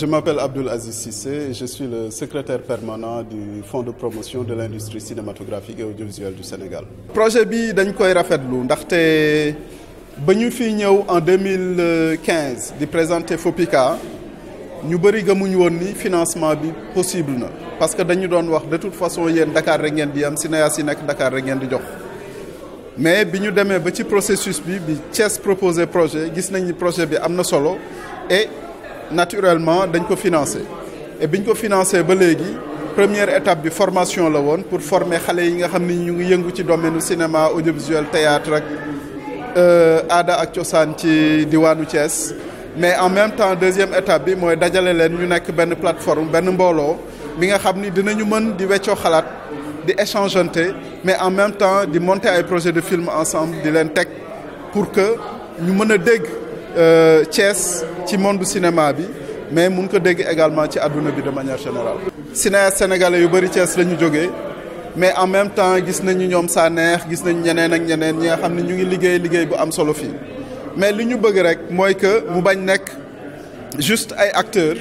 Je m'appelle Abdul Aziz Sissé et je suis le secrétaire permanent du Fonds de promotion de l'industrie cinématographique et audiovisuelle du Sénégal. Le projet bi dañ koy rafetlu ndaxte ba ñu fi en 2015 di présenter Fopika. ñu avons gëmuñu que ni financement bi possible parce que dañu doon wax de toute façon il Dakar rek ngeen di am cinéastes yi nekk Dakar rek ngeen di jox mais biñu démé petit ba ci processus bi bi Thiès proposer projet gis nañ ni projet bi amna solo et naturellement dañ ko financé et biñ ko financé ba première étape de formation la won pour former les yi qui xam dans le domaine yëngu cinéma audiovisuel théâtre euh, Ada ak cosaan ci mais en même temps deuxième étape bi mooy dajale leen ñu nekk plateforme ben mbooloo bi nga xam nous dinañu des di des xalaat mais en même temps di monter un projet de film ensemble de leen pour que nous menons des euh, Thiès ci monde cinéma bi mais mun ko dégg également ci aduna de manière générale. cinéaste sénégalais yu bari Thiès mais en même temps gis nañu ñoom sa neex gis nañu ñeneen ak ñeneen ñi nga xam ne ñu ngi liggéey liggéey bu am solo fii mais li ñu bëgg rek mooy que mu bañ nekk juste ay acteurs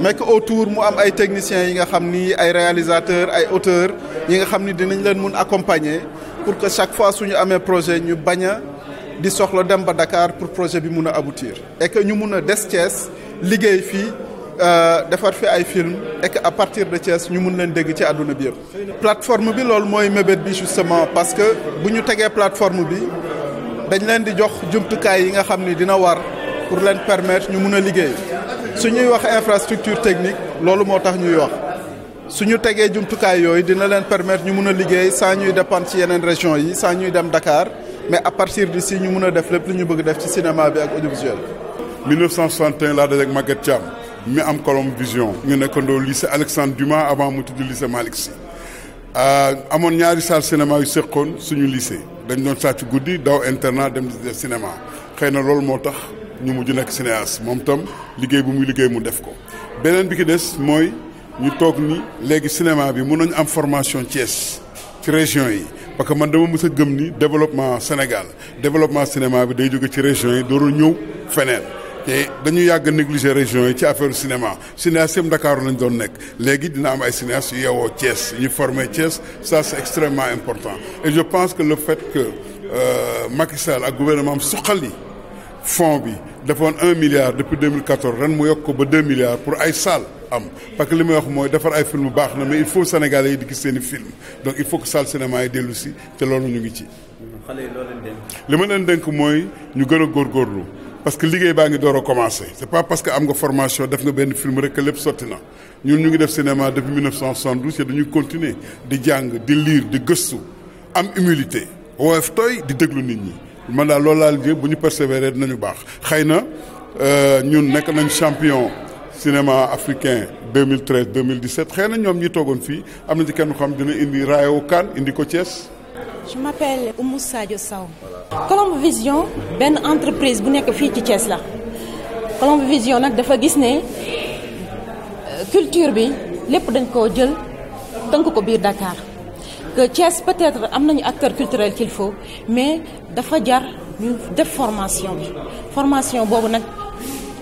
mais que autour mu am ay techniciens yi réalisateurs ay auteurs yi nga accompagner pour que chaque fois suñu amee projet ñu bañ di soxla dem ba Dakar pour projet bi mun a aboutir et que ñu mun a des Thiès liggéey fii euh, defar fi ay film et que à partir de Thiès ñu mun leen dégg ci àdduna bi yëpp. plateforme bi loolu mooy mébét bi justement parce que bu ñu tegee plateforme bi dañ leen di jox jumtukaay yi nga xam ni dina war pour leen permettre ñu mun a liggéey su wax infrastructure technique loolu moo tax ñuy wax suñu ñu tegee jumtukaay yooyu dina leen permettre ñu mun a liggéey sans ñuy dépendre ci yeneen régions yi sans ñuy dem Dakar mais à partir d'ici ñu mën a def lépp lu ñu bëgg def ci cinéma bi ak audiovisuel. 1961 laa dajeeg Maguette Thiam mi am Colombe Vision. ñu nekkandoo lycée Alexandre Dumas avant mu tudd lycée Malick Sy euh, amoon ñaari salle cinéma yu seqoon suñu lycée dañ doon sàcc guddi daw internat dem di def cinéma xëy na loolu moo tax ñu mujj nekk cinéaste moom tam liggéey bu muy liggéey mu def ko. Benen bi ki des mooy ñu toog ni léegi cinéma bi mën nañu am formation Thiès ci région yi parce que man dama que gëm ni développement Sénégal développement cinéma bi day jóge ci régions yi dooru nous. feneen avons dañu yàgg négliger régions yi ci affaire cinéma cinéaste yëpp lañ doon nekk dina am ay cinéaste yu yeewoo Thiès ñu formé Thiès ça c'est extrêmement important et je pense que le fait que euh, Macky Sall ak gouvernement am ni fonds bi milliard depuis 2014 ren mu yokk ko milliards pour ay parce que les muy wax mooy defar ay film mais il faut Sénégalais yi di gis seen film donc il faut que le cinéma yi dellu si te loolu ñu ngi ci. parce que liggéey baa ngi door c'est pas parce que am nga formation def nga benn film rek que na Nous, ñu cinéma depuis 1972 te dañuy continuer di jàng di lire di gëstu am humilité woyof tooy di déglu nit ñi man bu persévérer euh, champion cinéma africain 2013 2017 je m'appelle Oumoussa Colombe Vision entreprise bu ci Thiès Colombe Vision dafa gis euh, culture bi lépp dañ Dakar peut-être am nañu acteur culturel qu'il faut mais dafa jar formation formation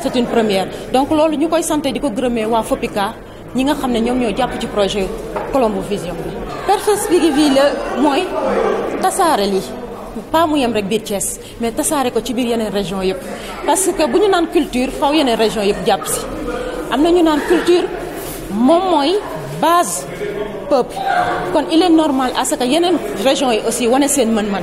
c'est une première donc loolu ñu koy santé di ko gërëmee waa FOPICA ñi nga xam ne ñoom ñoo jàpp ci projet Colombo Vision bi. perspective bi la mooy tasaare lii pas mu yem rek biir Thiès mais tasaare ko ci biir yeneen région yëpp parce que bu ñu naan culture faw yeneen région yëpp jàpp si am na ñu naan culture moom mooy base peuple kon il est normal à ce que yeneen région yi aussi wane seen mën-mën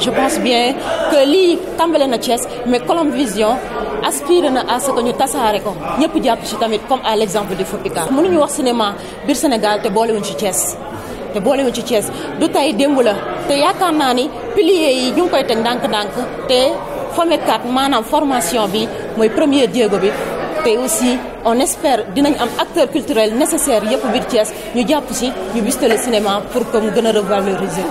je pense bien que lii tàmbale na Thiès mais Colombo Vision aspiré na à ce que ñu tassaré ko ñëpp japp ci tamit comme à l'exemple du Fopica ñu wax cinéma bir Sénégal té bolé boolewuñ ci Thiès bolé boolewuñ ci Thiès du tay démb la té yaakaar naa ni pilier yi ñu koy koy teg ndànk té te Fomecat manam formation bi moy premier Diego bi té aussi on espère dinañ am acteur culturel nécessaire yépp bir Thiès ñu japp ci ñu bistel cinéma pour comme gëna revaloriser